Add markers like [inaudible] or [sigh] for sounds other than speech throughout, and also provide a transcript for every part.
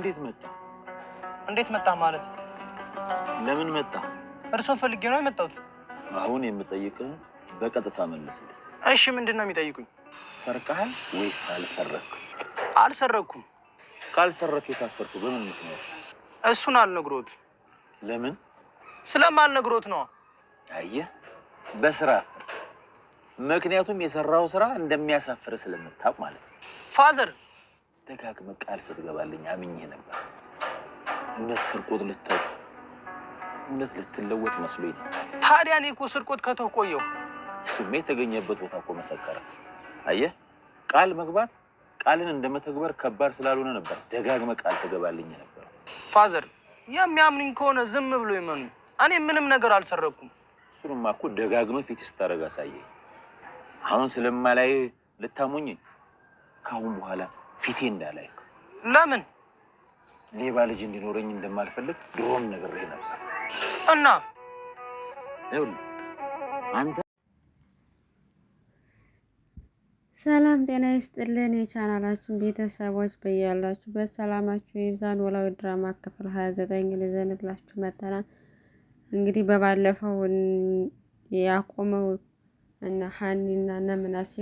እንዴት መጣ? እንዴት መጣ ማለት ለምን መጣ? እርሶን ፈልጌ ነው የመጣሁት። አሁን የምጠይቅን በቀጥታ መልስልኝ። እሺ፣ ምንድን ነው የሚጠይቁኝ? ሰርቀሃል ወይስ አልሰረክም? አልሰረኩም። ካልሰረክ የታሰርኩ በምን ምክንያት? እሱን አልነግሮት። ለምን? ስለማልነግሮት ነው። አየህ፣ በስራ ምክንያቱም የሰራው ስራ እንደሚያሳፍር ስለምታውቅ ማለት ነው ፋዘር ደጋግመ ቃል ስትገባልኝ አምኜ ነበር። እውነት ስርቆት ልተ እውነት ልትለወጥ መስሎኝ ነው። ታዲያ እኔ እኮ ስርቆት ከተቆየው ስሜ የተገኘበት ቦታ እኮ መሰከረ። አየህ ቃል መግባት ቃልን እንደመተግበር ከባድ ስላልሆነ ነበር ደጋግመህ ቃል ትገባልኝ ነበር። ፋዘር የሚያምኑኝ ከሆነ ዝም ብሎ ይመኑ። እኔ ምንም ነገር አልሰረኩም። እሱንማ እኮ ደጋግመ ፊት ስታደርግ አሳየኝ። አሁን ስለማላይ ልታሞኝ ከአሁን በኋላ ፊቴ እንዳላይ ለምን ሌባ ልጅ እንዲኖረኝ እንደማልፈልግ ድሮም ነግሬ ነበር። እና አንተ ሰላም ጤና ይስጥልን የቻናላችን ቤተሰቦች በያላችሁበት ሰላማችሁ ይብዛን። ኖላዊ ድራማ ክፍል ሀያ ዘጠኝ ልዘንላችሁ መተናል። እንግዲህ በባለፈው ያቆመው እና ሀኒና እና ምናሴ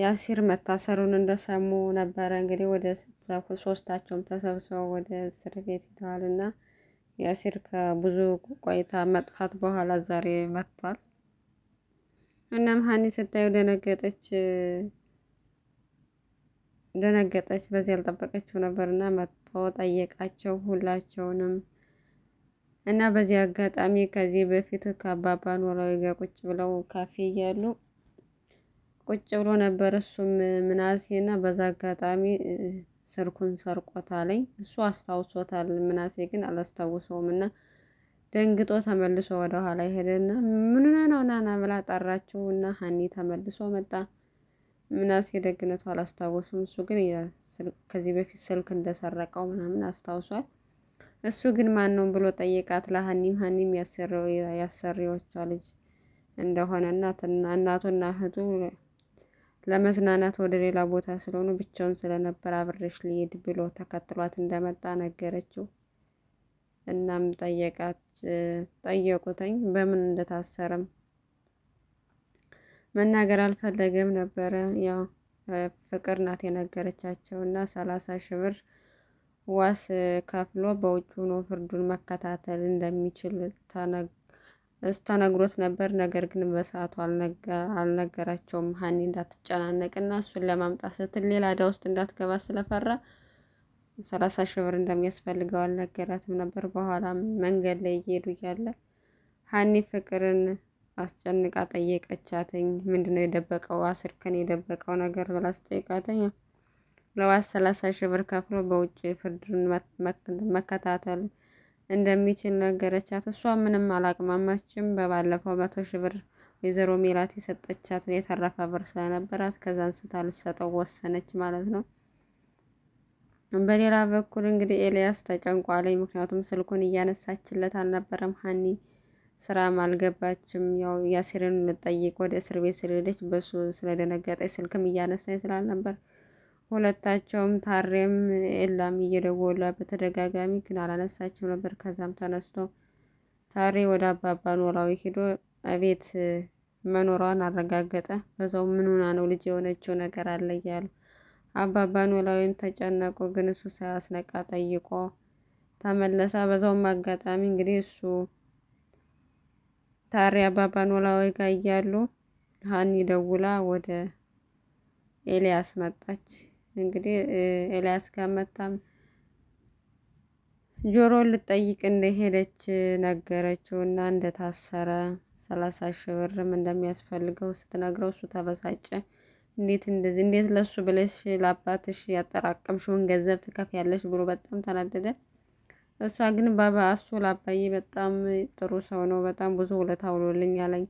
የአሲር መታሰሩን እንደሰሙ ነበረ። እንግዲህ ወደ ሶስታቸውም ተሰብስበው ወደ እስር ቤት ሄደዋል እና የአሲር ከብዙ ቆይታ መጥፋት በኋላ ዛሬ መጥቷል። እናም ሀኒ ስታዩ ደነገጠች ደነገጠች በዚህ ያልጠበቀችው ነበር እና መጥቶ ጠየቃቸው ሁላቸውንም እና በዚህ አጋጣሚ ከዚህ በፊት ከአባባ ኖላዊ ጋር ቁጭ ብለው ካፌ እያሉ ቁጭ ብሎ ነበር እሱም ምናሴና በዛ አጋጣሚ ስልኩን ሰርቆታለኝ። እሱ አስታውሶታል፣ ምናሴ ግን አላስታውሰውም እና ደንግጦ ተመልሶ ወደ ኋላ ይሄደና ምን ነው ናና ብላ ጠራችው እና ሀኒ ተመልሶ መጣ። ምናሴ ደግነቱ አላስታወሱም። እሱ ግን ከዚህ በፊት ስልክ እንደሰረቀው ምናምን አስታውሷል። እሱ ግን ማን ነው ብሎ ጠየቃት። ለሀኒም ሀኒም ያሰሪዎቿ ልጅ እንደሆነ እናቱና እህቱ ለመዝናናት ወደ ሌላ ቦታ ስለሆኑ ብቻውን ስለነበር አብሬሽ ልሄድ ብሎ ተከትሏት እንደመጣ ነገረችው። እናም ጠየቃት ጠየቁትኝ በምን እንደታሰረም መናገር አልፈለገም ነበረ። ያው ፍቅር ናት የነገረቻቸው እና ሰላሳ ሺህ ብር ዋስ ከፍሎ በውጭ ሆኖ ፍርዱን መከታተል እንደሚችል ተነግ ስታነግሮት ነበር። ነገር ግን በሰዓቱ አልነገራቸውም። ሀኒ እንዳትጨናነቅ እንዳትጨናነቅና እሱን ለማምጣት ስትል ሌላ ዕዳ ውስጥ እንዳትገባ ስለፈራ ሰላሳ ሺህ ብር እንደሚያስፈልገው አልነገራትም ነበር። በኋላ መንገድ ላይ እየሄዱ እያለ ሀኒ ፍቅርን አስጨንቃ ጠየቀቻትኝ። ምንድነው የደበቀው አስር የደበቀው ነገር ብላ አስጠይቃትኝ። ለዋስ ሰላሳ ሺህ ብር ከፍሎ በውጭ ፍርድን መከታተል እንደሚችል ነገረቻት። እሷ ምንም አላቅማማችም። በባለፈው መቶ ሺህ ብር ወይዘሮ ሜላት የሰጠቻት የተረፈ ብር ስለነበራት ከዛ አንስታ ልትሰጠው ወሰነች ማለት ነው። በሌላ በኩል እንግዲህ ኤልያስ ተጨንቋለኝ። ምክንያቱም ስልኩን እያነሳችለት አልነበረም። ሀኒ ስራም አልገባችም። ያው ያሲርን ልጠይቅ ወደ እስር ቤት ስለሄደች በሱ ስለደነገጠች ስልክም እያነሳኝ ስላልነበር ሁለታቸውም ታሬም ኤላም እየደወላ በተደጋጋሚ ግን አላነሳችም ነበር። ከዛም ተነስቶ ታሬ ወደ አባባ ኖላዊ ሄዶ እቤት መኖሯን አረጋገጠ። በዛው ምኑና ነው ልጅ የሆነችው ነገር አለ እያሉ አባባ ኖላዊም ተጨነቁ። ግን እሱ ሳያስነቃ ጠይቆ ተመለሰ። በዛውም አጋጣሚ እንግዲህ እሱ ታሬ አባባ ኖላዊ ጋር እያሉ ሀኒ ደውላ ወደ ኤልያስ መጣች። እንግዲህ ኤልያስ ጋር መታም ጆሮ ልጠይቅ እንደሄደች ነገረችው እና እንደታሰረ ሰላሳ ሺህ ብርም እንደሚያስፈልገው ስትነግረው እሱ ተበሳጨ። እንዴት እንደዚህ እንዴት ለሱ ብለሽ ለአባትሽ ያጠራቀምሽውን ገንዘብ ያለሽ ብሎ በጣም ተናደደ። እሷ ግን ባባ እሱ ለአባዬ በጣም ጥሩ ሰው ነው፣ በጣም ብዙ ውለታ ውሎልኝ አለኝ።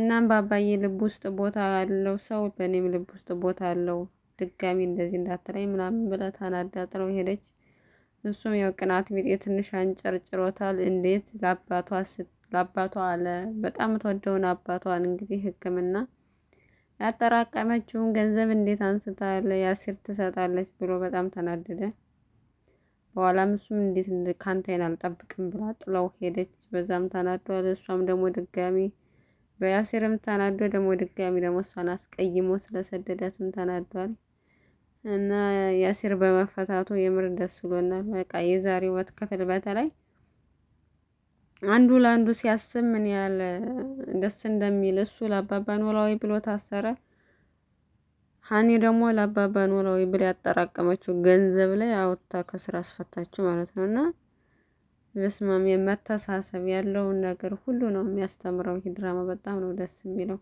እናም በአባዬ ልብ ውስጥ ቦታ ያለው ሰው በእኔም ልብ ውስጥ ቦታ አለው ድጋሚ እንደዚህ እንዳትለኝ ምናምን ብላ ታናዳ ጥለው ሄደች። እሱም ያው ቅናት ቢጤ ትንሽ አንጨርጭሮታል። እንዴት ለአባቷ ለአባቷ አለ በጣም ተወደውን አባቷን እንግዲህ ሕክምና ያጠራቀመችውን ገንዘብ እንዴት አንስታለ ያሲር ትሰጣለች ብሎ በጣም ተናደደ። በኋላም እሱም እንዴት ካንተን አልጠብቅም ብላ ጥለው ሄደች። በዛም ተናዷል። እሷም ደግሞ ድጋሚ በያሲርም ተናዶ ደግሞ ድጋሚ ደግሞ እሷን አስቀይሞ ስለሰደዳትም ተናዷል። እና ያሲር በመፈታቱ የምር ደስ ብሎናል። በቃ የዛሬ ወት ክፍል በተለይ አንዱ ለአንዱ ሲያስብ ምን ያህል ደስ እንደሚል እሱ ለአባባ ኖላዊ ብሎ ታሰረ። ሀኒ ደግሞ ለአባባ ኖላዊ ብላ ያጠራቀመችው ገንዘብ ላይ አውጥታ ከስራ አስፈታችው ማለት ነው። እና በስማም የመተሳሰብ ያለውን ነገር ሁሉ ነው የሚያስተምረው ይህ ድራማ። በጣም ነው ደስ የሚለው።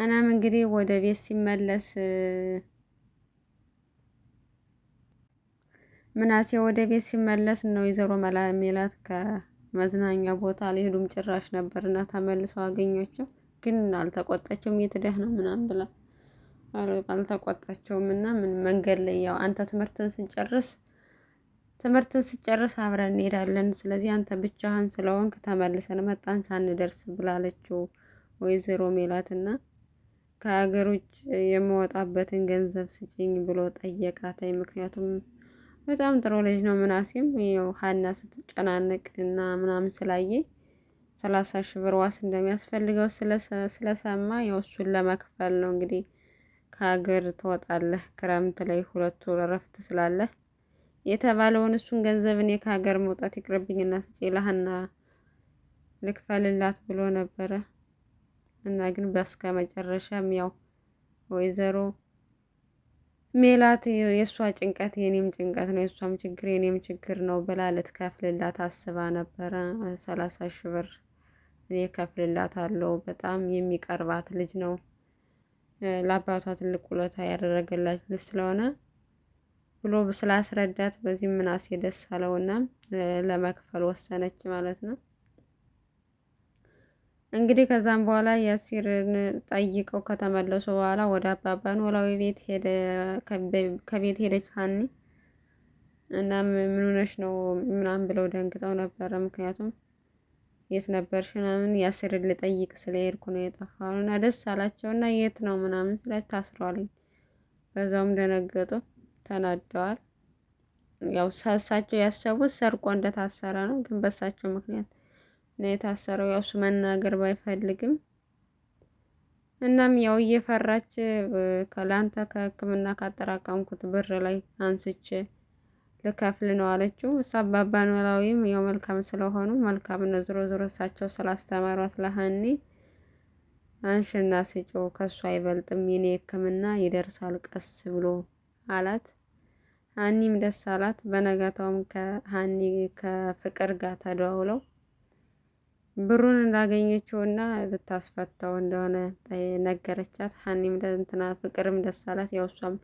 እናም እንግዲህ ወደ ቤት ሲመለስ ምናሴ ወደ ቤት ሲመለስ ነው ወይዘሮ ሜላት ከመዝናኛ ቦታ ሊሄዱም ጭራሽ ነበር እና ተመልሰው አገኘችው። ግን አልተቆጣቸውም። እየትደህ ነው ምናምን ብላ አልተቆጣቸውም። እና ምን መንገድ ላይ ያው አንተ ትምህርትን ስጨርስ ትምህርትን ስጨርስ አብረን እንሄዳለን። ስለዚህ አንተ ብቻህን ስለሆንክ ተመልሰን መጣን ሳንደርስ ብላለችው ወይዘሮ ሜላት እና ከሀገር ውጭ የምወጣበትን ገንዘብ ስጪኝ ብሎ ጠየቃተኝ። ምክንያቱም በጣም ጥሩ ልጅ ነው። ምናሴም ያው ሀና ስትጨናነቅ እና ምናምን ስላየ ሰላሳ ሺህ ብር ዋስ እንደሚያስፈልገው ስለሰማ ያው እሱን ለመክፈል ነው እንግዲህ ከሀገር ትወጣለህ ክረምት ላይ ሁለቱ እረፍት ስላለህ የተባለውን እሱን ገንዘብ እኔ ከሀገር መውጣት ይቅርብኝና ስጪ ለሀና ልክፈልላት ብሎ ነበረ። እና ግን በስከ መጨረሻም ያው ወይዘሮ ሜላት የእሷ ጭንቀት የኔም ጭንቀት ነው፣ የእሷም ችግር የኔም ችግር ነው ብላ ልትከፍልላት አስባ ነበረ። ሰላሳ ሺህ ብር እኔ ከፍልላት አለው። በጣም የሚቀርባት ልጅ ነው። ለአባቷ ትልቅ ውለታ ያደረገላት ልጅ ስለሆነ ብሎ ስላስረዳት በዚህ ምናሴ ደስ አለውና ለመክፈል ወሰነች ማለት ነው። እንግዲህ ከዛም በኋላ ያሲርን ጠይቀው ከተመለሱ በኋላ ወደ አባባ ኖላዊ ቤት ሄደ። ከቤት ሄደች ሀኒ እና ምን ሆነሽ ነው ምናምን ብለው ደንግጠው ነበረ። ምክንያቱም የት ነበርሽ ምናምን ያሲርን ልጠይቅ ስለሄድኩ ነው የጠፋው እና ደስ አላቸው እና የት ነው ምናምን ስላች ታስሯልኝ። በዛውም ደነገጡ፣ ተናደዋል። ያው እሳቸው ያሰቡት ሰርቆ እንደታሰረ ነው፣ ግን በእሳቸው ምክንያት ነው የታሰረው። ያው እሱ መናገር ባይፈልግም እናም ያው እየፈራች ከላንተ ከሕክምና ካጠራቀምኩት ብር ላይ አንስቼ ልከፍል ነው አለችው። እሷ አባባ ኖላዊም ያው መልካም ስለሆኑ መልካም ነው ዞሮ ዞሮ እሳቸው ስላስተማሯት ለሀኒ አንሽና ስጪው ከእሱ አይበልጥም የኔ ሕክምና ይደርሳል ቀስ ብሎ አላት። ሀኒም ደስ አላት። በነጋታውም ከሀኒ ከፍቅር ጋር ተደዋውለው ብሩን እንዳገኘችው እና ልታስፈታው እንደሆነ ነገረቻት። ሀኒም እንትና ፍቅርም ደስ አላት። ያው እሷም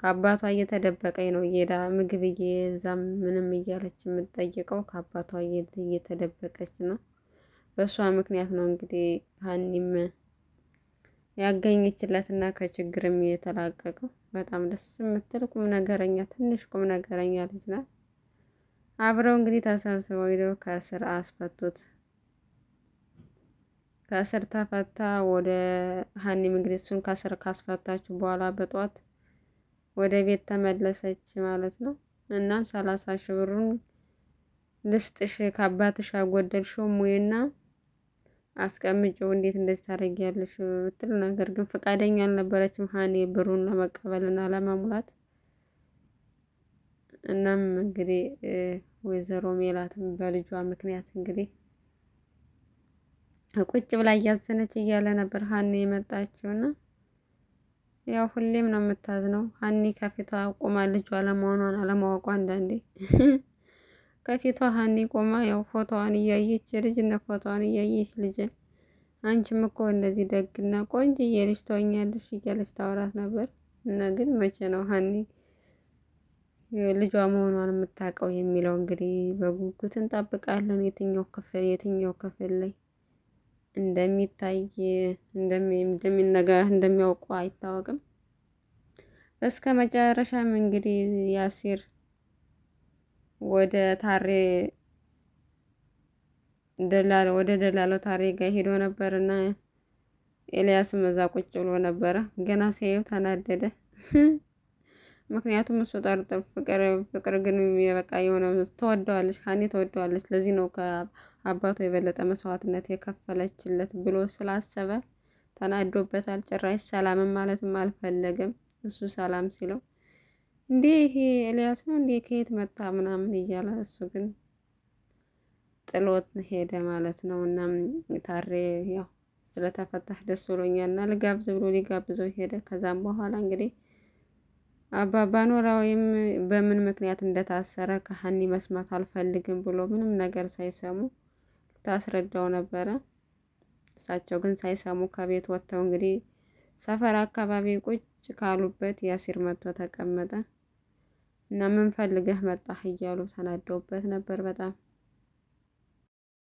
ከአባቷ እየተደበቀኝ ነው እየሄዳ ምግብ እየዛም ምንም እያለች የምትጠይቀው ከአባቷ እየተደበቀች ነው። በእሷ ምክንያት ነው እንግዲህ ሀኒም ያገኘችለት እና ከችግርም የተላቀቀው። በጣም ደስ የምትል ቁም ነገረኛ ትንሽ ቁም ነገረኛ ልጅ ናት። አብረው እንግዲህ ተሰብስበው ሄደው ከስር አስፈቱት። ከእስር ተፈታ ወደ ሀኒ እንግዲህ ከስር ከእስር ካስፈታችሁ በኋላ በጠዋት ወደ ቤት ተመለሰች ማለት ነው። እናም ሰላሳ ሺህ ብሩን ልስጥሽ ከአባትሽ አጎደልሽው ሙይና አስቀምጪው እንዴት እንደዚህ ታደርጊያለሽ ብትል፣ ነገር ግን ፈቃደኛ አልነበረችም ሀኒ ብሩን ለመቀበልና ለመሙላት። እናም እንግዲህ ወይዘሮ ሜላትም በልጇ ምክንያት እንግዲህ ቁጭ ብላ እያዘነች እያለ ነበር ሀኒ የመጣችውና ያው ሁሌም ነው የምታዝነው። ሀኒ ከፊቷ ቆማ ልጇ አለመሆኗን አለማወቋ አንዳንዴ [laughs] ከፊቷ ሀኒ ቆማ ያው ፎቶዋን እያየች የልጅነት ፎቶዋን እያየች ልጅ አንቺም እኮ እንደዚህ ደግና ቆንጅዬ ልጅ ትሆኛለሽ እያለች ታወራት ነበር። እና ግን መቼ ነው ሀኒ ልጇ መሆኗን የምታውቀው የሚለው እንግዲህ በጉጉት እንጠብቃለን። የትኛው ክፍል የትኛው ክፍል ላይ እንደሚታይ እንደሚያውቁ አይታወቅም። በስከ መጨረሻም እንግዲህ ያሲር ወደ ታሬ ደላል ወደ ደላለው ታሬ ጋር ሄዶ ነበር እና ኤልያስ መዛ ቁጭ ብሎ ነበረ። ገና ሲያየው ተናደደ። [laughs] ምክንያቱም እሱ ጠርጥር ፍቅር ፍቅር ግን የበቃ የሆነ ተወደዋለች፣ ሀኒ ተወደዋለች። ለዚህ ነው አባቱ የበለጠ መስዋዕትነት የከፈለችለት ብሎ ስላሰበ ተናዶበታል። ጭራሽ ሰላምን ማለትም አልፈለገም። እሱ ሰላም ሲለው እንዴ ይሄ ኤልያስ ነው እንዴ ከየት መጣ ምናምን እያለ እሱ ግን ጥሎት ሄደ ማለት ነው። እና ታሬ ያው ስለተፈታህ ደስ ብሎኛል እና ልጋብዝ ብሎ ሊጋብዘው ሄደ። ከዛም በኋላ እንግዲህ አባባ ኖላዊም በምን ምክንያት እንደታሰረ ከሀኒ መስማት አልፈልግም ብሎ ምንም ነገር ሳይሰሙ ታስረዳው ነበረ። እሳቸው ግን ሳይሰሙ ከቤት ወጥተው እንግዲህ ሰፈር አካባቢ ቁጭ ካሉበት ያሲር መጥቶ ተቀመጠ እና ምን ፈልገህ መጣህ እያሉ ተናደውበት ነበር በጣም